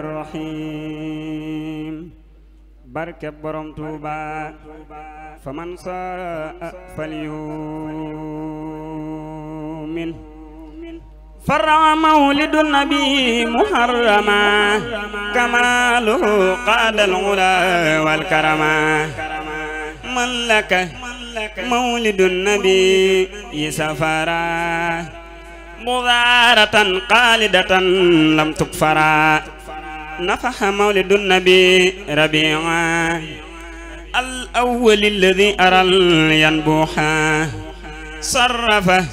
rahmaani rahiim barkeb borom Tuuba fa man saa falyumin farra mawlidu nabi muharrama kamaluhu qaadal ula wal karama man laka mawlidu nabi yi safara mudaaratan qaalidatan lam tukfara نفح مولد النبي ربيعا الأول الذي أرى ينبوحا صرفه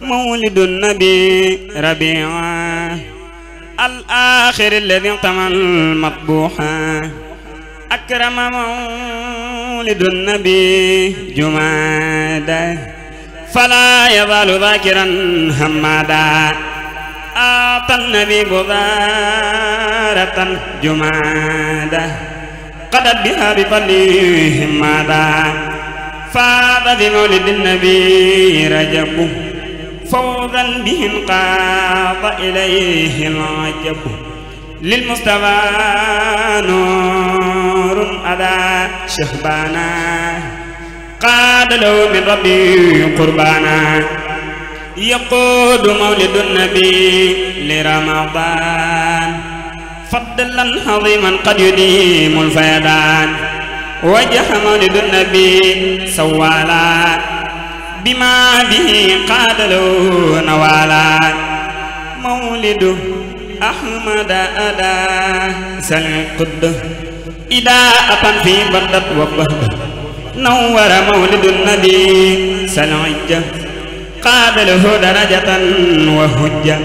مولد النبي ربيعا الآخر الذي اغتمل مطبوحا أكرم مولد النبي جمادا فلا يزال ذاكرا همادا أعطى النبي بذارة جمادة قدت بها بفضلهم ماذا فاض بمولد النبي رجب فوضا به انقاض إليه العجب للمصطفى نور أذى شهبانا قاد له من ربي قربانا يقود مولد النبي لرمضان فضلا عظيما قد يديم الفيضان وجه مولد النبي سوالا بما به قاد له نوالا مولد أحمد أدا سلقد إذا أطن في بردت وبهد نور مولد النبي سلعجه قابله درجة وهجة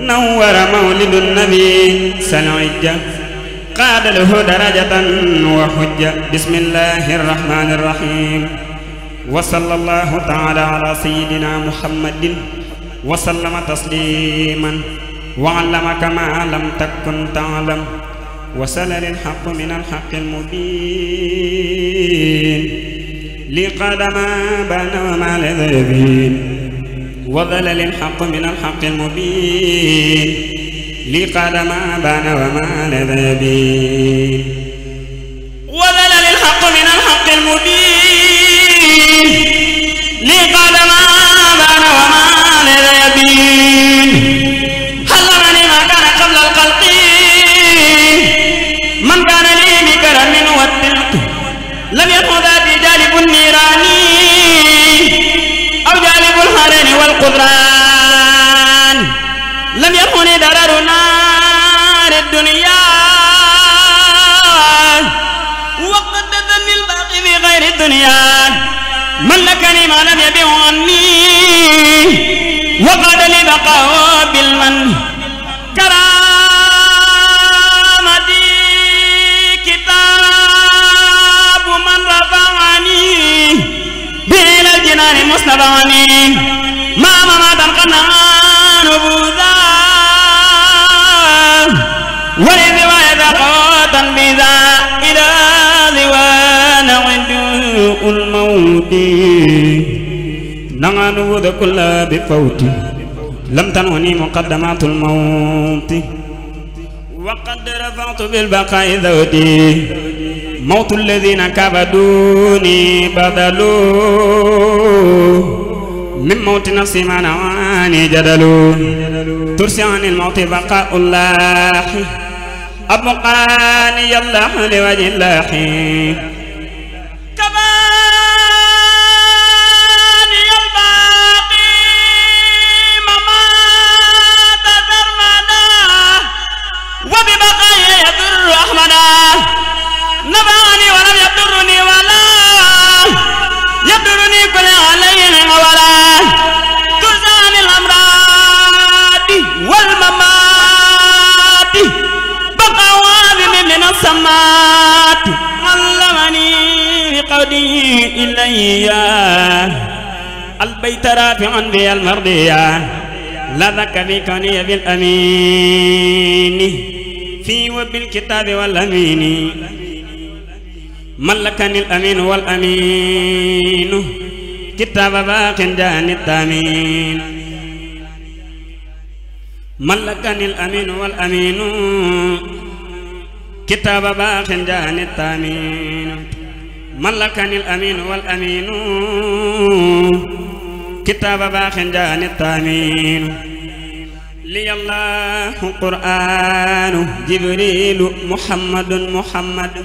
نور مولد النبي سلعجة قابله درجة وحجة بسم الله الرحمن الرحيم وصلى الله تعالى على سيدنا محمد وسلم تسليما وعلمك ما لم تكن تعلم وسلل الحق من الحق المبين لقد ما بان وما لذبين وذلل الحق من الحق المبين لقد ما بان وما لذا يبين القدران لم يكن درر نار الدنيا وقد ذن الباقي في غير الدنيا ملكني ما لم يبيع عني وقد لي بقاه بالمن كرامتي كتاب من رفعني بين الجنان مصطفى عني ما مماتا قنعان وبوذا ولذ وإذا قوتا بذا إلى ذوان عدو الموت نعنو ذكل بفوت لم تنهني مقدمات الموت وقد رفعت بالبقاء ذودي موت الذين كبدوني بذلوا من موت نفسي ما نواني جدل ترسي عن الموت بقاء الله أبقاني الله لوجه الله ترافع بي المرضية لذك بكوني بالأمين في وبالكتاب والأمين ملكني الأمين والأمين كتاب باق جان التامين ملكني الأمين والأمين كتاب باق جان التامين ملكني الأمين والأمين كتاب باخ جان التامين لي الله قرآن جبريل محمد محمد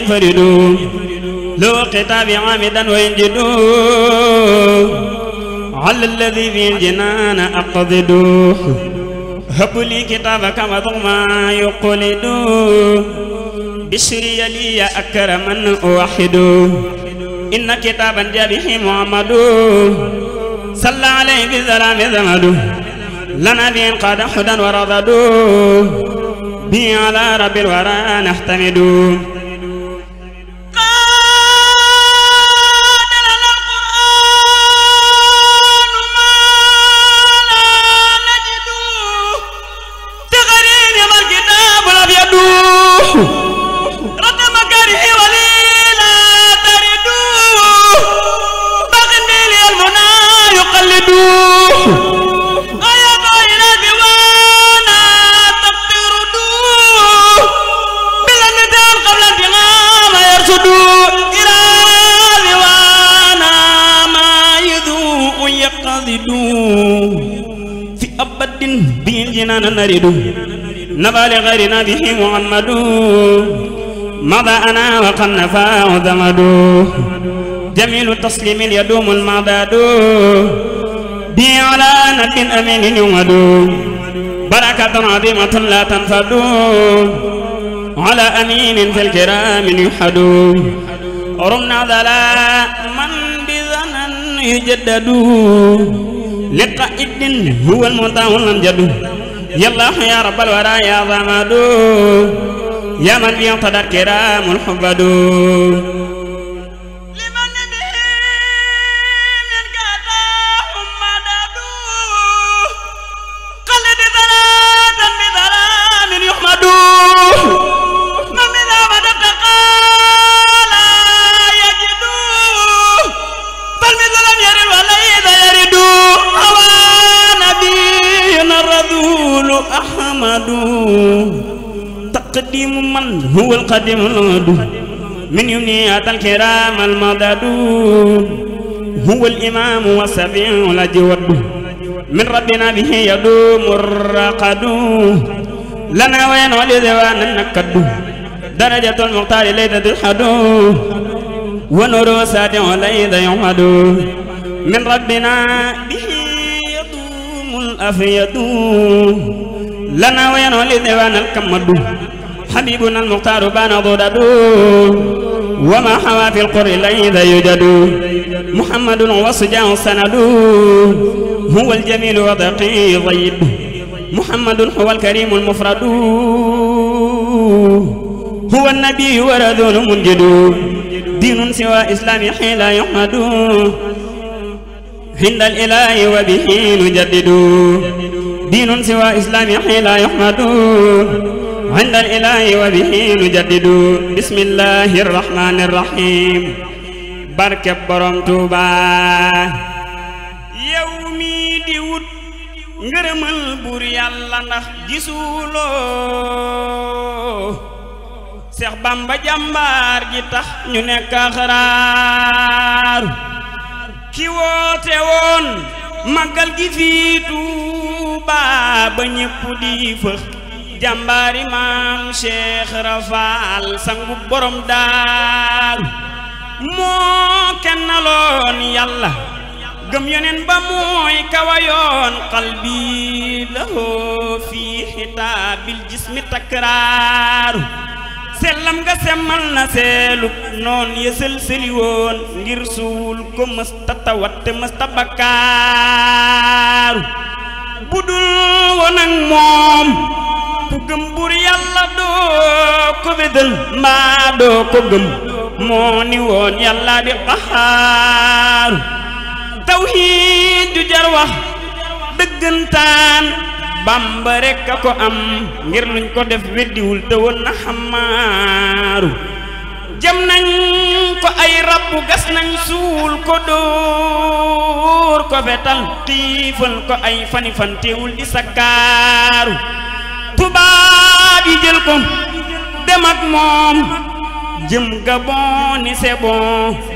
ينفردوا لو خطاب عامدا وينجدوا على الذي في الجنان أقضدوا هب لي كتابك وضغما يقلدوا بشري لي يا أكرما أوحد إن كتابا جابه محمد صلى عليه بزلام زمد لنا به قاد حدا ورضدوا بي على رب الورى نحتمد نرد نبى لغيرنا به محمد مضى أنا وقد نفاه ذمد جميل التسليم يدوم المعداد بي على نبي أمين يمد بركة عظيمة لا تنفد على أمين في الكرام يحد رمنا ذلا من بذنن يجدد لقائد هو المتاه الأمجد يا الله يا رب الورى يا ضمد يا من بيمتدى الكرام الحبد القديم المدود من يمنيات الكرام المددود هو الإمام والسفيع الأجود من ربنا به يدوم الرقد لنا وين ولذوانا نكد درجة المختار ليلة تشهد ونور ساتع ليلة يعمد من ربنا به يدوم الأفيد لنا وين ولذوانا الكمد حبيبنا المختار بان ضدد وما حوى في القر إذا يجد محمد وصجاه سند هو الجميل وذقي ضيب محمد هو الكريم المفرد هو النبي ورذون منجد دين سوى إسلام حين يحمد عند الإله وبه نجدد دين سوى إسلام حين يحمد عند الإله وبه نجدد بسم الله الرحمن الرحيم بركة برم توبا يومي ديوت ngërëmal bur yàlla ndax gisuloo seex bamba jàmbaar ji tax ñu nekk xaraar ki woote woon màggal gi fii Tuuba ba ñépp di fëx jàmbaari maam Cheikh Rafal sangu borom daaru moo kennaloon yàlla gëm yonen ba mooy kawayoon qalbi lahoo fii xitaabil jismi takraaru sellam nga semmal na seelub noon yësël sëli ngir suul ko mësta tawatte mësta bakkaaru budul woon moom ku gëm buur yàlla doo ko weddal mbaa doo ko gëm moo ni woon yàlla di qaxaar tawhiid ju jar wax dëggantaan bàmba rekk a ko am ngir luñ ko def weddiwul te woon na xamaaru jëm nañ ko ay rabbu gas nañ suul ko dóor ko fetal xiifal ko ay fani teewul di tubaab yi jël ko dem ak moom jëm Gabon ni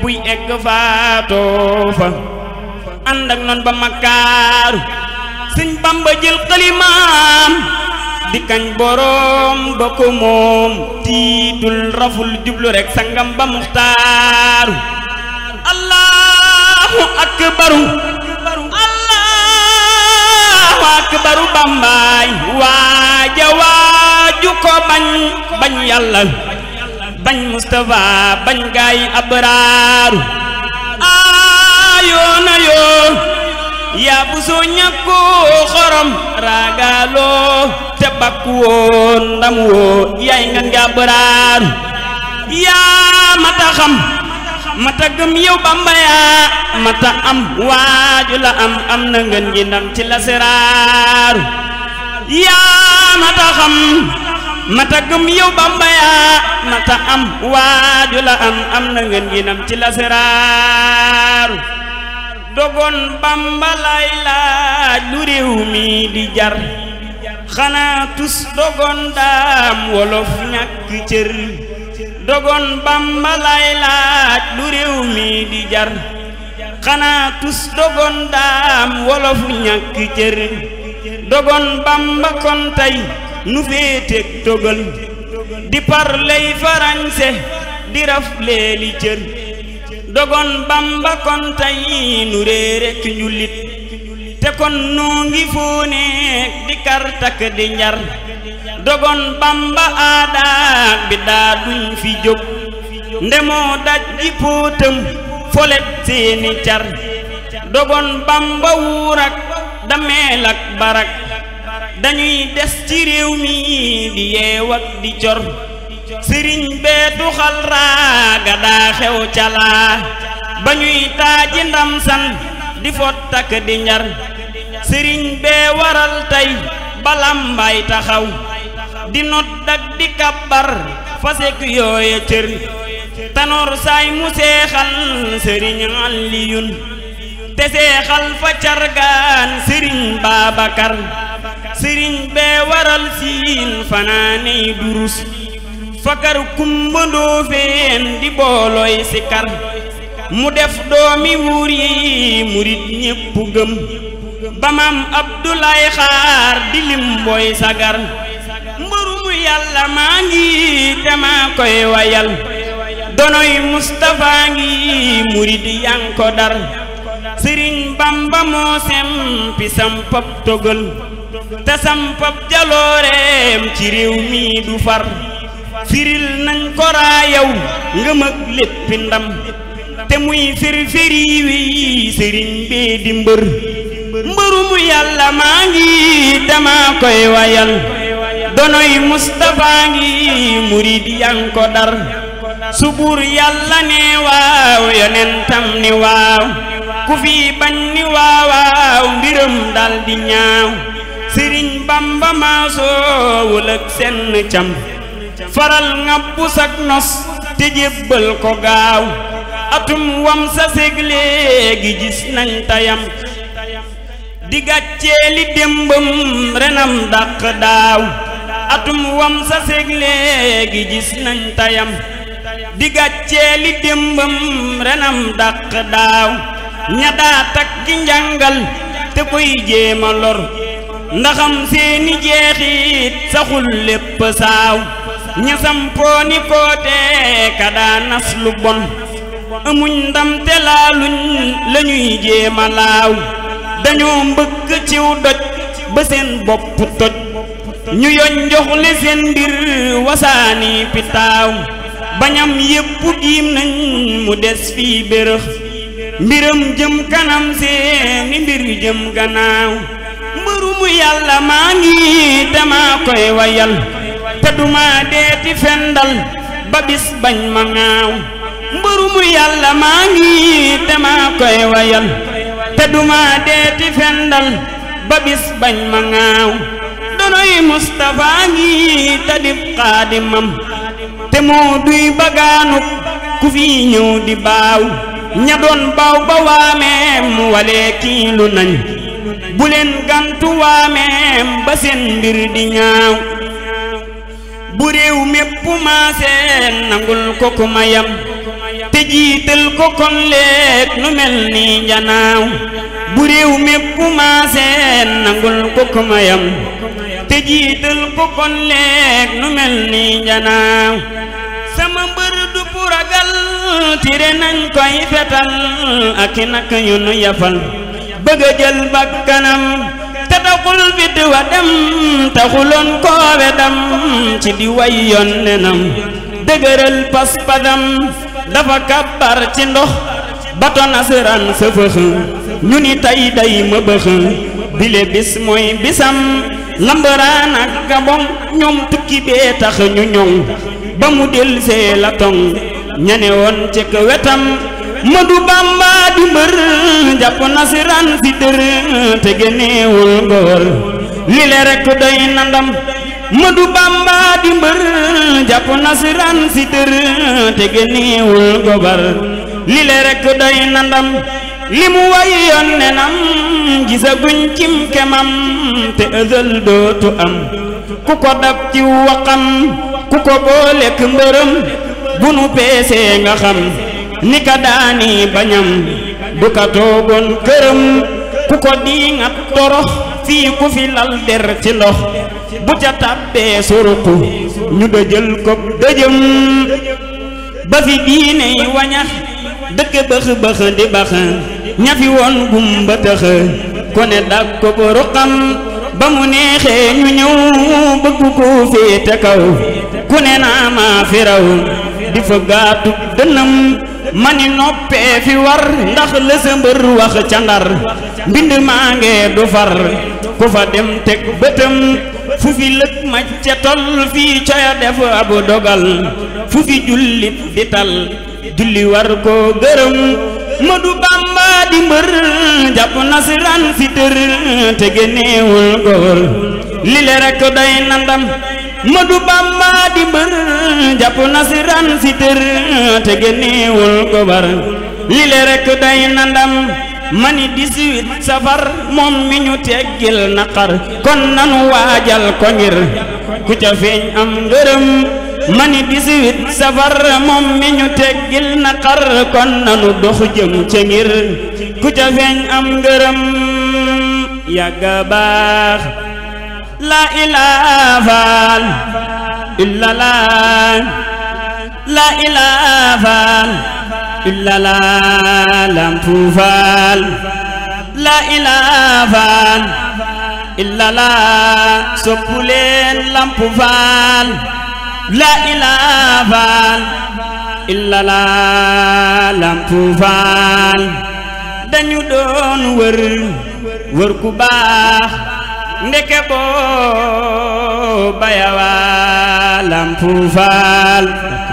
buy egg faatoo fa ànd ak noon ba makkaaru sëñ Bamba jël xalimaam di kañ boroom ba ko moom tiitul raful jublu rek sangam ba muxtaaru allahu akbaru akbaru bambaay waaja waaju ko bañ bañ yàlla bañ Mustafa bañ gaay abraaru aayoona yaa bu soo ñàkkoo xorom raagaaloo te bakk woon ndam woo yaay nga nga abraaru yaa mata mata gëm yow Bamba yaa mata am waaju la am am na ngeen ji ndam ci la siraaru yaa mata xam mata gëm yow Bamba yaa mata am waaju la am am na ngeen ji ndam ci la dogon Bamba lay lu réew mi di jar xanaa tus dogon daam wolof ñàkk cër dogon bamba lay laaj lu réew mi di jar xanaa tus dogon daam wolofu ñàkk cër dogon bamba kon nu féeteeg togal di par farañse di raf leeli cër dogon bamba kon tey nu réerek te kon noo ngi fóoneek di kar takk di njar dogon bamba aadaak bi daa fi jóg ndemoo daj ji póotam folet seeni car dogon bamba wuurak dameel ak barak dañuy des ci réew mi di yeew ak di cor sëriñ bee duxal raaga daa xew calaa ba ñuy taaji ndam san di fot takk di njar sëriñ bee waral tey balambay taxaw di not dak di kabbar fasek yooya cër tanoor saay mu seexal sëriñ Aliyun te seexal fa cargaan sëriñ Baabakar sëriñ bee waral siin fanaaney durus fakar kumbandoo feen di boolooy sikar mu def doomi wuur yi murit ñépp gëm ba maam Abdoulaye xaar di lim booy sagar mbërum yàlla maa ngi te koy wayal donoy Moustapha ngi murid yan ko dar sëriñ Bamba sempi sampab togal te sampab jalooreem ci réew mi du far firil nañ ko raayaw ngëm léppi ndam te muy firfiri wi sëriñ bee di mbër mbërum yàlla maa ngi dama koy wayal donoy Mustafa ngi murid yan ko dar su buur yàlla ne waaw yonentam ni waaw ku fi bañ ni waawaaw mbiram dal di ñaaw sëriñ Bamba maa soowul ak senn cam faral ngabbu sak nos te jébbal ko gaaw atum wam sa ség léegi gis nañ di gàccee li démbam renam dàq daaw atum wam sa seeg léegi gis nañ tayam di gàccee li démbam renam dàq daaw ña daa takki njàngal te koy jéema lor ndaxam seeni jeexit saxul lépp saaw ña sampooni koote ka daa nas lu bon amuñ ndam te laaluñ lañuy jéema laaw dañoo mbëkk ciw doj ba seen bopp toj ñu yoñ joxle seen mbir wasaani pitaaw bañam yépp diim nañ mu des fii bérëx mbiram jëm kanam seeni mbir jëm gannaaw mbëru yàlla maa ngi damaa koy wayal te duma deeti fendal ba bis bañ ma ngaaw mbëru yàlla maa ngi damaa koy wayal te duma deeti fendal ba bis bañ ma ŋaaw donoy Mustafa ngi tadib xaadimam te moo duy bagaanuk ku fi ñëw di baaw ña doon baaw ba waameem walee kiilu nañ bu gantu waameem ba seen mbir ñaaw bu réew mépp nangul ko ku ma yam te jiital ko kon leeg nu mel ni njanaaw bu réew mépp maaseen nangul ko ko mayam te jiital ko kon leeg nu mel ni njanaaw sama mbër du bu tire nañ koy fetal ak i nak yu nu yafal bëgg bakkanam te taxul bid wa dem taxuloon koowe dam ci di way yoon nenam pas-pasam dafa kàbbar ci ndox bato nasaraan sëfëx ñu ni tey day mëbëx bile bis mooy bisam lambaraan ak gabon ñoom tukki bee tax ñu ñoŋ ba mu delsee la toŋ ñane woon ci ko wetam Madu Bamba di mbër jàpp nasaraan si dër te génneewul góor lile rekk doy na Madu Bamba di mbër jàpp nasiraan si tër te génniwul gobar li rekk doy na li mu way yoon nenam gisaguñ cim kemam te ësël dootu am ku ko dab ci waxam ku ko boolek mbërëm bu nu peesee nga xam ni ka daani bañam bu ka toogoon këram ku ko diingat torox fii ku fi lal der ci ndox bu ca tàbbee suruq ñu dëjël ko dëjëm ba fi diine yi wañax dëkk bëx bëx di bax ñafi woon gumba tëx ko ne dàq ko ba ruqam ba mu neexee ñu ñëw bëgg ko féete kaw ku ne naa maa fi raw di fa gaatu ma ni noppee fi war ndax la sa mbër wax ca ndar mbind maa ngee du far ku fa dem teg bëtam fu fi lëg maj ca tol fii coyo def abu dogal fu fi jullit di julli war koo gërëm Madu Bamba di mbër jàpp nasran si tër te génneewul góor li rekk doy na ndam Madu Bamba di mbër jàpp nasran si tër te génneewul góor li rekk doy na mani 18 safar moom mi ñu teggil naqar kon nanu waajal ko ngir ku ca feeñ am ngërëm mani 18 safar moom mi ñu teggil naqar kon nanu dox jëm ca ngir ku ca feeñ am ngërëm yàgga baax la ilaha illallah la ilaha illa la lampu faal la ilaa faal illa lampu faal la doon wër wër ku baax ndeke boo bayawa lampu faal